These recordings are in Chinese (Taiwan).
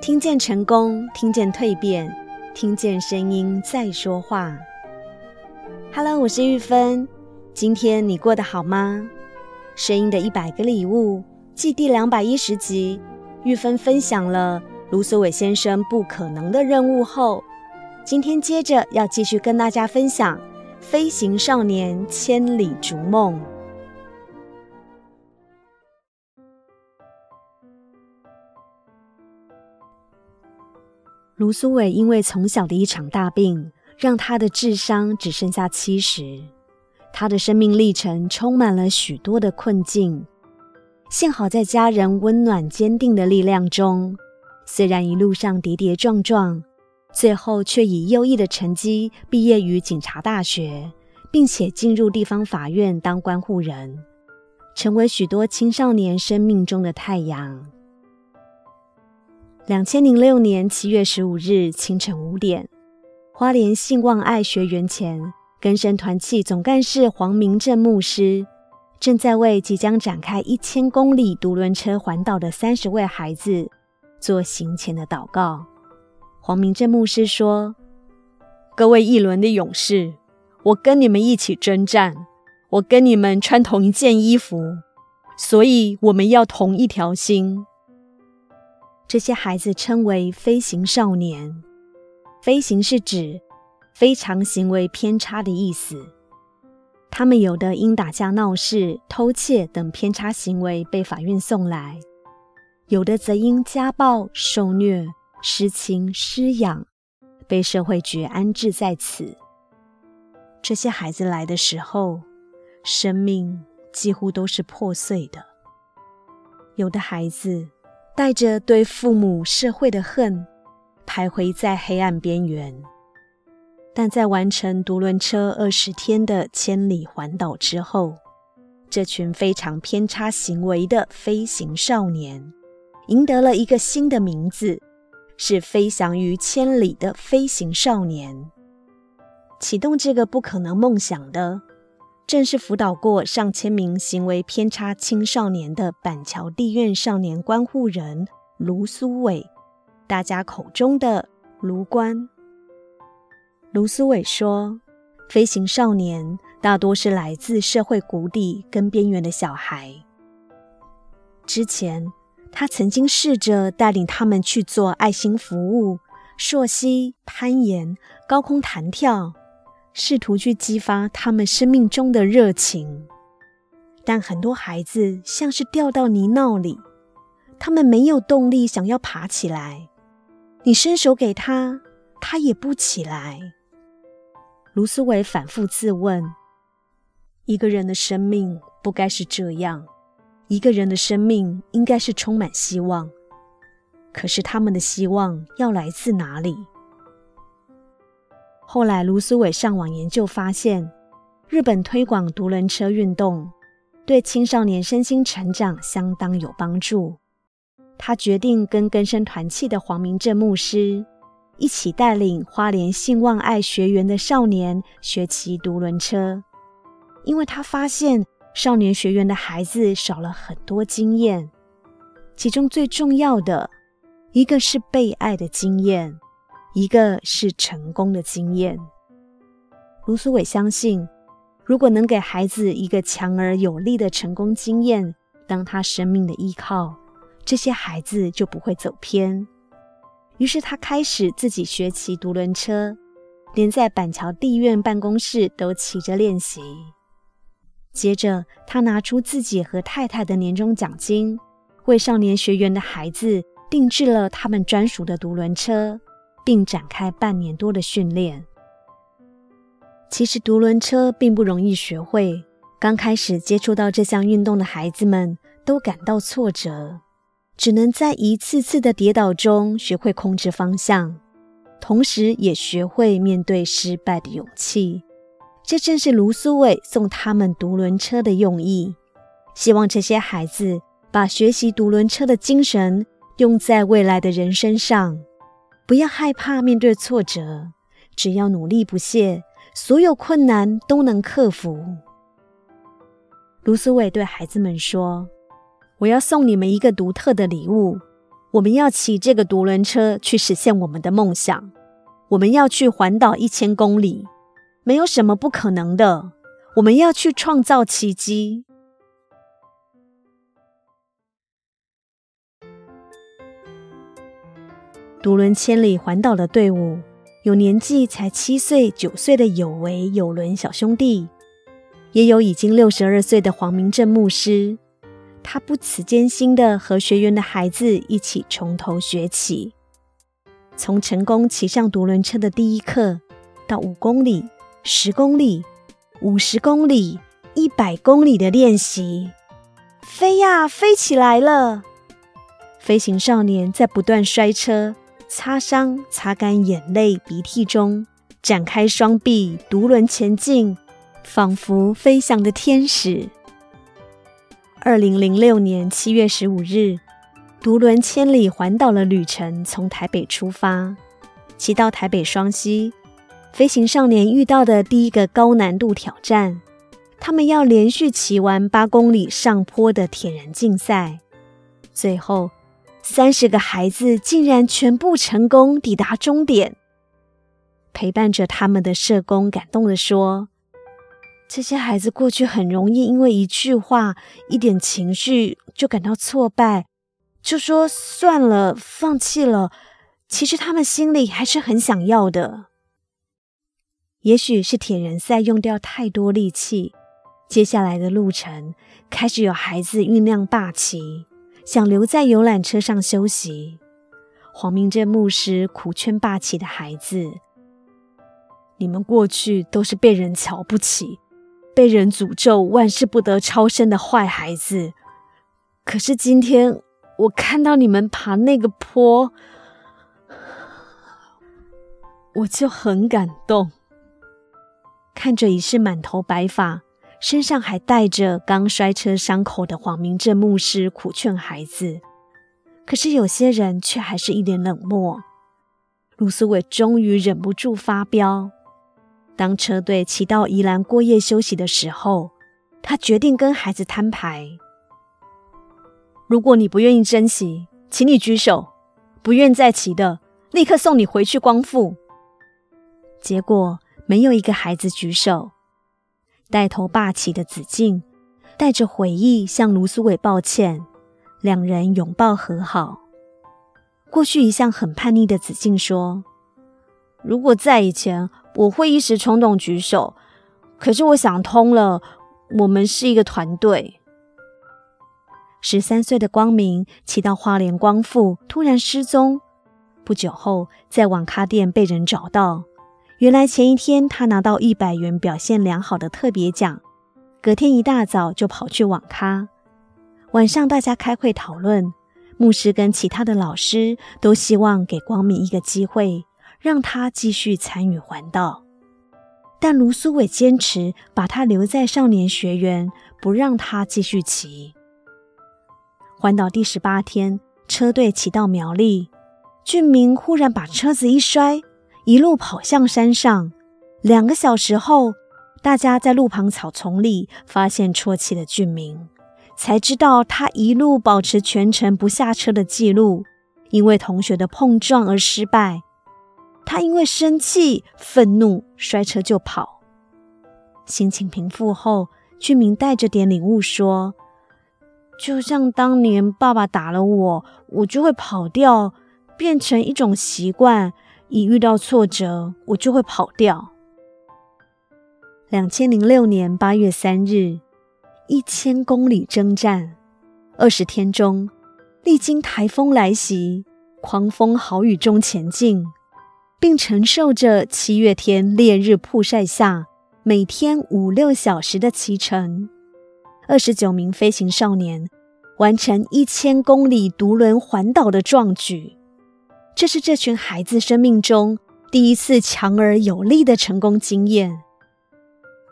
聽見成功，聽見蛻變，聽見聲音在說話。Hello，我是玉芬。今天你過得好嗎？聲音的一百個禮物，繼第兩百一十集，玉芬分享了盧蘇偉先生不可能的任務後，今天接着要繼續跟大家分享《飛行少年千里逐夢》。盧蘇偉因為從小的一場大病，讓他的智商只剩下七十。他的生命歷程充滿了許多的困境，幸好在家人溫暖堅定的力量中，雖然一路上跌跌撞撞，最後卻以優異的成績畢業於警察大學，並且進入地方法院當觀護人，成為許多青少年生命中的太陽。兩千零六年七月十五日清晨五點，花蓮信望愛學園前，更生團契總幹事黃明鎮牧師正在為即將展開一千公里獨輪車環島的三十位孩子做行前的禱告。黃明鎮牧師說：“各位一輪的勇士，我跟你們一起征戰，我跟你們穿同一件衣服，所以我們要同一條心。”這些孩子稱為“非行少年”，“非行”是指非常行為偏差的意思。他們有的因打架鬧事、偷竊等偏差行為被法院送來，有的則因家暴、受虐、失親、失養被社會局安置在此。這些孩子來的時候，生命幾乎都是破碎的。有的孩子。帶着對父母、社會的恨，徘徊在黑暗邊緣。但在完成獨輪車二十天的千里環島之後，這群非常偏差行為的飛行少年，贏得了一個新的名字，是飛翔於千里的飛行少年。啟動這個不可能夢想的。正是輔導過上千名行為偏差青少年的板橋地院少年觀護人盧蘇偉，大家口中的盧官。盧蘇偉說：“飛行少年大多是來自社會谷底跟邊緣的小孩。之前他曾經試着帶領他們去做愛心服務、溯溪、攀岩、高空彈跳。”試圖去激發他們生命中的熱情，但很多孩子像是掉到泥淖裡，他們沒有動力想要爬起來。你伸手給他，他也不起來。盧蘇偉反覆自問：一個人的生命不該是這樣，一個人的生命應該是充滿希望。可是他們的希望要來自哪裡？後來，盧蘇偉上網研究發現，日本推廣獨輪車運動對青少年身心成長相當有幫助。他決定跟更生團契的黃明鎮牧師一起帶領花蓮信望愛學園的少年學騎獨輪車，因為他發現少年學園的孩子少了很多經驗，其中最重要的一個是被愛的經驗。一個是成功的經驗。盧蘇偉相信，如果能給孩子一個強而有力的成功經驗，當他生命的依靠，這些孩子就不會走偏。於是他開始自己學騎獨輪車，連在板橋地院辦公室都騎着練習。接着，他拿出自己和太太的年終獎金，為少年學園的孩子定製了他們專屬的獨輪車。並展開半年多的訓練。其實獨輪車並不容易學會，剛開始接觸到這項運動的孩子們都感到挫折，只能在一次次的跌倒中學會控制方向，同時也學會面對失敗的勇氣。這正是盧蘇偉送他們獨輪車的用意，希望這些孩子把學習獨輪車的精神用在未來的人生上。不要害怕面對挫折，只要努力不懈，所有困難都能克服。盧蘇偉對孩子們說：“我要送你們一個獨特的禮物，我們要騎這個獨輪車去實現我們的夢想。我們要去環島一千公里，沒有什麼不可能的。我們要去創造奇跡。”獨輪千里環島的隊伍，有年紀才七歲、九歲的有為有倫小兄弟，也有已經六十二歲的黃明鎮牧師。他不辭艱辛的和學員的孩子一起從頭學起，從成功騎上獨輪車的第一課，到五公里、十公里、五十公里、一百公里的練習，飛呀、啊、飛起來了。飛行少年在不斷摔車。擦傷，擦乾眼淚、鼻涕中，展開雙臂，獨輪前進，仿佛飛翔的天使。二零零六年七月十五日，獨輪千里環島的旅程從台北出發，騎到台北雙溪。飛行少年遇到的第一個高難度挑戰，他們要連續騎完八公里上坡的鐵人競賽，最後。三十個孩子竟然全部成功抵達終點。陪伴着他們的社工感動地說：“這些孩子過去很容易因為一句話、一點情緒就感到挫敗，就說算了，放棄了。其實他們心裡還是很想要的。也許是鐵人賽用掉太多力氣，接下來的路程開始有孩子醞釀霸氣。”想留在遊覽車上休息，黃明鎮牧師苦勸霸氣的孩子：“你們過去都是被人瞧不起、被人詛咒、萬事不得超生的壞孩子，可是今天我看到你們爬那個坡，我就很感動。看着已是滿頭白髮。”身上還帶着剛摔車傷口的黃明鎮牧師苦勸孩子，可是有些人卻還是一臉冷漠。盧蘇偉終於忍不住發飆。當車隊騎到宜蘭過夜休息的時候，他決定跟孩子攤牌：如果你不願意珍惜，請你舉手；不願再騎的，立刻送你回去光復。結果沒有一個孩子舉手。帶頭霸氣的子靜帶着悔意向盧蘇偉道歉，兩人擁抱和好。過去一向很叛逆的子靜說：“如果在以前，我會一時衝動舉手，可是我想通了，我們是一個團隊。”十三歲的光明騎到花蓮光復突然失蹤，不久後在網咖店被人找到。原來前一天他拿到一百元表現良好的特別獎，隔天一大早就跑去網咖。晚上大家開會討論，牧師跟其他的老師都希望給光明一個機會，讓他繼續參與環島。但盧蘇偉堅持把他留在少年學園，不讓他繼續騎。環島第十八天，車隊騎到苗栗，俊明忽然把車子一摔。一路跑向山上，兩個小時後，大家在路旁草叢裡發現啜泣的俊明，才知道他一路保持全程不下車的記錄，因為同學的碰撞而失敗。他因為生氣、憤怒，摔車就跑。心情平復後，俊明帶着點領悟說：“就像當年爸爸打了我，我就會跑掉，變成一種習慣。”一遇到挫折，我就會跑掉。二零零六年八月三日，一千公里征戰，二十天中，歷經台風來襲、狂風豪雨中前進，並承受着七月天烈日曝曬下，每天五六小時的騎乘。二十九名飛行少年完成一千公里獨輪環島的壯舉。這是這群孩子生命中第一次強而有力的成功經驗。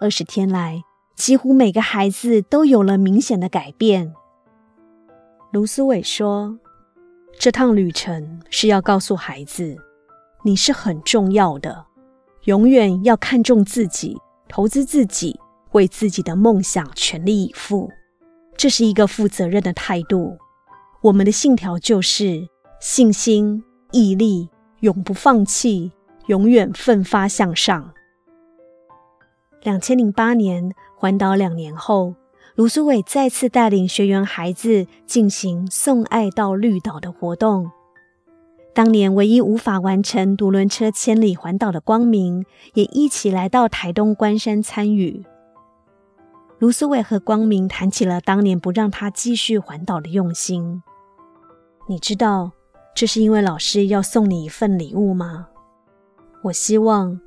二十天來，幾乎每個孩子都有了明顯的改變。盧蘇偉說：“這趟旅程是要告訴孩子，你是很重要的，永遠要看重自己，投資自己，為自己的夢想全力以赴。這是一個負責任的態度。我們的信條就是信心。”毅力、永不放棄，永遠奮發向上。兩千零八年，環島兩年後，盧蘇偉再次帶領學員孩子進行送愛到綠島的活動。當年唯一無法完成獨輪車千里環島的光明，也一起來到台東關山參與。盧蘇偉和光明談起了當年不讓他繼續環島的用心。你知道？這是因為老師要送你一份禮物嗎？我希望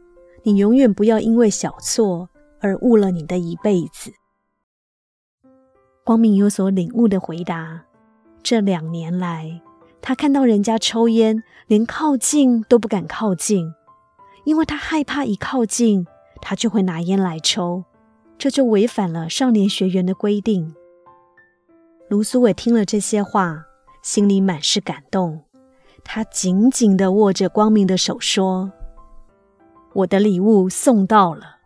你永遠不要因為小錯而誤了你的一輩子。光明有所領悟的回答：這兩年來，他看到人家抽煙，連靠近都不敢靠近，因為他害怕一靠近，他就會拿煙來抽，這就違反了少年學員的規定。盧蘇偉聽了這些話，心裡滿是感動。他緊緊地握着光明的手，說：“我的禮物送到了。”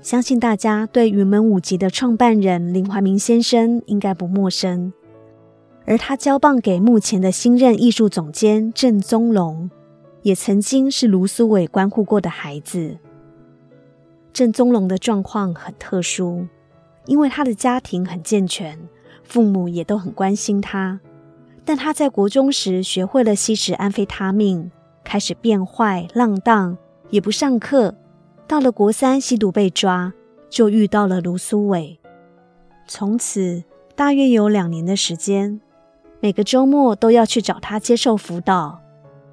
相信大家對雲門舞集的創辦人林懷民先生應該不陌生，而他交棒給目前的新任藝術總監鄭宗龍，也曾經是盧蘇偉關護過的孩子。鄭宗龍的狀況很特殊。因為他的家庭很健全，父母也都很關心他，但他在國中時學會了吸食安非他命，開始變壞、浪蕩，也不上課。到了國三吸毒被抓，就遇到了盧蘇偉，從此大約有兩年的時間，每個週末都要去找他接受輔導。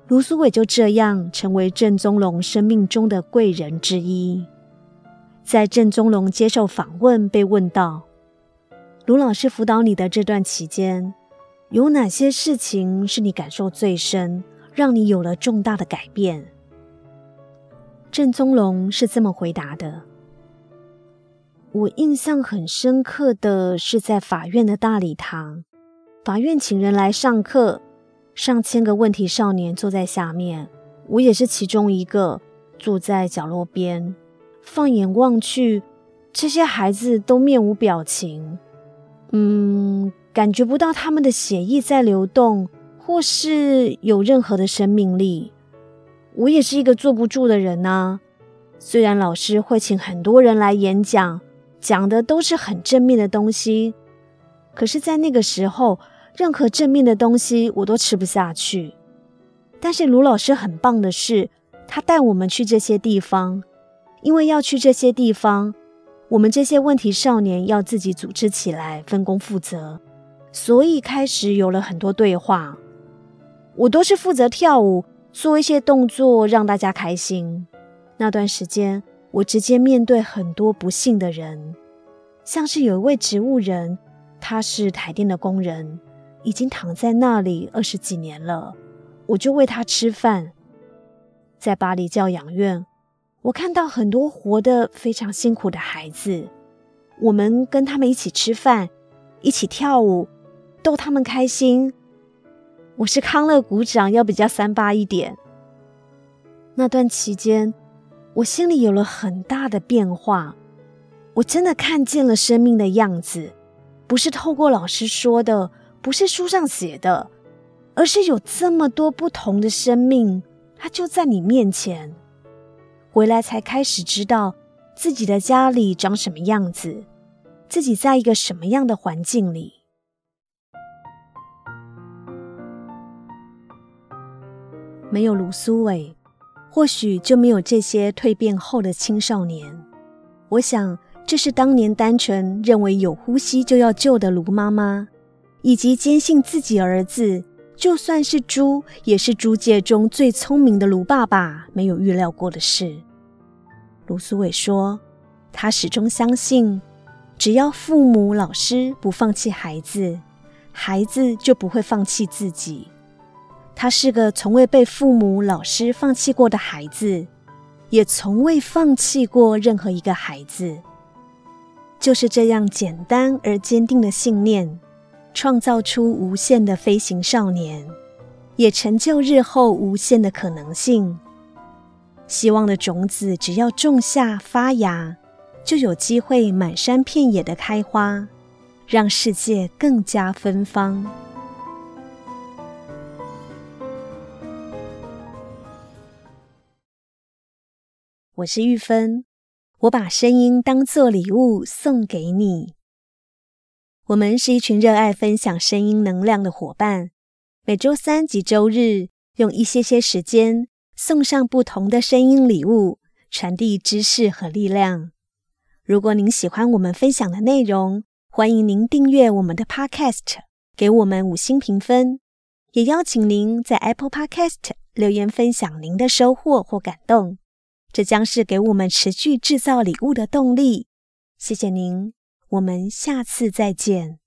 盧蘇偉就這樣成為鄭宗龍生命中的貴人之一。在鄭宗龍接受訪問，被問到：“盧老師輔導你的這段期間，有哪些事情是你感受最深，讓你有了重大的改變？”鄭宗龍是這麼回答的：“我印象很深刻的是，在法院的大禮堂，法院請人來上課，上千個問題少年坐在下面，我也是其中一個，坐在角落邊。”放眼望去，這些孩子都面無表情，嗯，感覺不到他們的血液在流動，或是有任何的生命力。我也是一個坐不住的人吶、啊。雖然老師會請很多人來演講，講的都是很正面的東西，可是，在那個時候，任何正面的東西我都吃不下去。但是，盧老師很棒的是，他帶我們去這些地方。因為要去這些地方，我們這些問題少年要自己組織起來，分工負責，所以開始有了很多對話。我都是負責跳舞，做一些動作讓大家開心。那段時間，我直接面對很多不幸的人，像是有一位植物人，他是台電的工人，已經躺在那裡二十幾年了。我就餵他吃飯，在巴黎教養院。我看到很多活得非常辛苦的孩子，我們跟他們一起吃飯，一起跳舞，逗他們開心。我是康樂股長要比較三八一點。那段期間，我心裡有了很大的變化。我真的看見了生命的樣子，不是透過老師說的，不是書上寫的，而是有這麼多不同的生命，它就在你面前。回來才開始知道自己的家裡長什麼樣子，自己在一個什麼樣的環境裡。沒有盧蘇偉，或許就沒有這些蛻變後的青少年。我想，這是當年單純認為有呼吸就要救的盧媽媽，以及堅信自己兒子，就算是豬，也是豬界中最聰明的。盧爸爸沒有預料過的事。盧蘇偉說：“他始終相信，只要父母、老師不放棄孩子，孩子就不會放棄自己。他是個從未被父母、老師放棄過的孩子，也從未放棄過任何一個孩子。就是這樣簡單而堅定的信念。”創造出無限的飛行少年，也成就日後無限的可能性。希望的種子，只要種下發芽，就有機會滿山遍野的開花，讓世界更加芬芳。我是玉芬，我把聲音當作禮物送給你。我們是一群熱愛分享聲音能量的夥伴，每周三及周日用一些些時間送上不同的聲音禮物，傳遞知識和力量。如果您喜歡我們分享的內容，歡迎您訂閱我們的 Podcast，給我們五星評分，也邀請您在 Apple Podcast 留言分享您的收穫或感動。這將是給我們持續制造禮物的動力。謝謝您。我們下次再見。